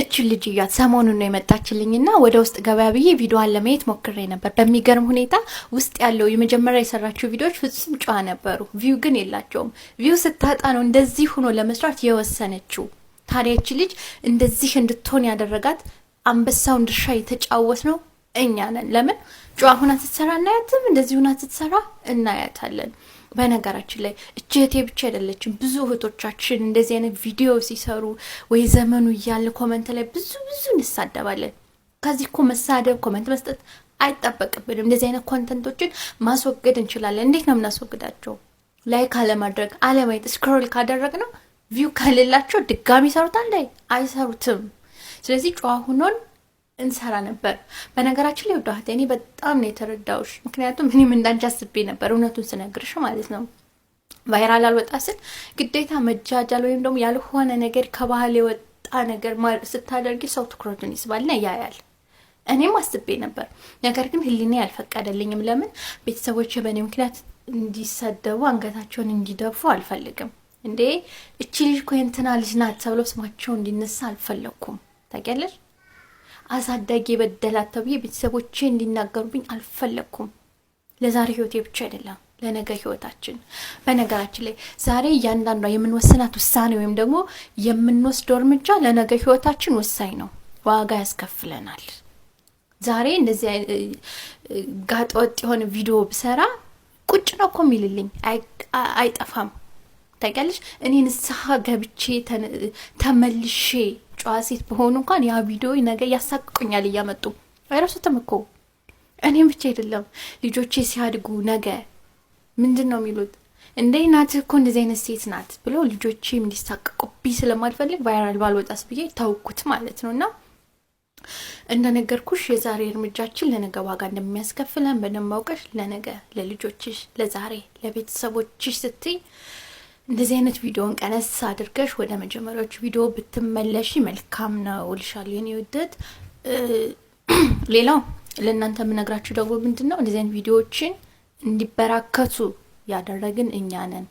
እችን ልጅ እያት ሰሞኑን ነው የመጣችልኝና ወደ ውስጥ ገበያ ብዬ ቪዲዮዋን ለማየት ሞክሬ ነበር። በሚገርም ሁኔታ ውስጥ ያለው የመጀመሪያ የሰራችው ቪዲዮዎች ፍጹም ጨዋ ነበሩ። ቪው ግን የላቸውም። ቪው ስታጣ ነው እንደዚህ ሆኖ ለመስራት የወሰነችው። ታዲያ እች ልጅ እንደዚህ እንድትሆን ያደረጋት አንበሳውን ድርሻ የተጫወት ነው እኛ ነን። ለምን ጨዋ ሁና ስትሰራ እናያትም፣ እንደዚህ ሁና ስትሰራ እናያታለን። በነገራችን ላይ እጅቴ ብቻ አይደለችም። ብዙ እህቶቻችን እንደዚህ አይነት ቪዲዮ ሲሰሩ ወይ ዘመኑ እያለ ኮመንት ላይ ብዙ ብዙ እንሳደባለን። ከዚህ እኮ መሳደብ፣ ኮመንት መስጠት አይጠበቅብንም። እንደዚህ አይነት ኮንተንቶችን ማስወገድ እንችላለን። እንዴት ነው የምናስወግዳቸው? ላይክ አለማድረግ፣ አለማየት፣ ስክሮል ነው ቪው ከሌላቸው ድጋሚ ይሰሩታል ላይ አይሰሩትም። ስለዚህ ጨዋ ሁኖን እንሰራ ነበር። በነገራችን ላይ ወደ እኔ በጣም ነው የተረዳውሽ፣ ምክንያቱም እኔም እንዳንቺ አስቤ ነበር፣ እውነቱን ስነግርሽ ማለት ነው። ቫይራል አልወጣ ስል ግዴታ መጃጃል ወይም ደግሞ ያልሆነ ነገር ከባህል የወጣ ነገር ስታደርጊ ሰው ትኩረቱን ይስባልና ያያል። እኔም አስቤ ነበር፣ ነገር ግን ህሊኔ አልፈቀደልኝም። ለምን ቤተሰቦች በእኔ ምክንያት እንዲሰደቡ አንገታቸውን እንዲደፉ አልፈልግም። እንዴ እቺ ልጅ እኮ የእንትና ልጅ ናት ተብሎ ስማቸው እንዲነሳ አልፈለግኩም። ታውቂያለሽ አሳዳጊ የበደላት ተብዬ ቤተሰቦቼ እንዲናገሩብኝ አልፈለግኩም። ለዛሬ ህይወቴ ብቻ አይደለም ለነገ ህይወታችን። በነገራችን ላይ ዛሬ እያንዳንዷ የምንወስናት ውሳኔ ወይም ደግሞ የምንወስደው እርምጃ ለነገ ህይወታችን ወሳኝ ነው፣ ዋጋ ያስከፍለናል። ዛሬ እንደዚህ ጋጠወጥ የሆነ ቪዲዮ ብሰራ ቁጭ ነው እኮ የሚልልኝ አይጠፋም። ታውቂያለሽ እኔ ንስሐ ገብቼ ተመልሼ ጨዋ ሴት በሆኑ እንኳን ያ ቪዲዮ ነገ ያሳቅቁኛል እያመጡ አይረሱትም እኮ እኔም ብቻ አይደለም። ልጆቼ ሲያድጉ ነገ ምንድን ነው የሚሉት እንደ ናት እኮ እንደዚህ አይነት ሴት ናት ብሎ ልጆቼ እንዲሳቀቁብኝ ስለማልፈልግ ቫይራል ባልወጣስ ብዬ ታውኩት ማለት ነው እና እንደነገርኩሽ የዛሬ እርምጃችን ለነገ ዋጋ እንደሚያስከፍለን በደንብ አውቀሽ ለነገ ለልጆችሽ፣ ለዛሬ ለቤተሰቦችሽ ስትይ እንደዚህ አይነት ቪዲዮን ቀነስ አድርገሽ ወደ መጀመሪያዎች ቪዲዮ ብትመለሽ መልካም ነው ልሻል የኔ ውደት። ሌላው ለእናንተ የምነግራችሁ ደግሞ ምንድን ነው እንደዚህ አይነት ቪዲዮዎችን እንዲበራከቱ ያደረግን እኛ ነን።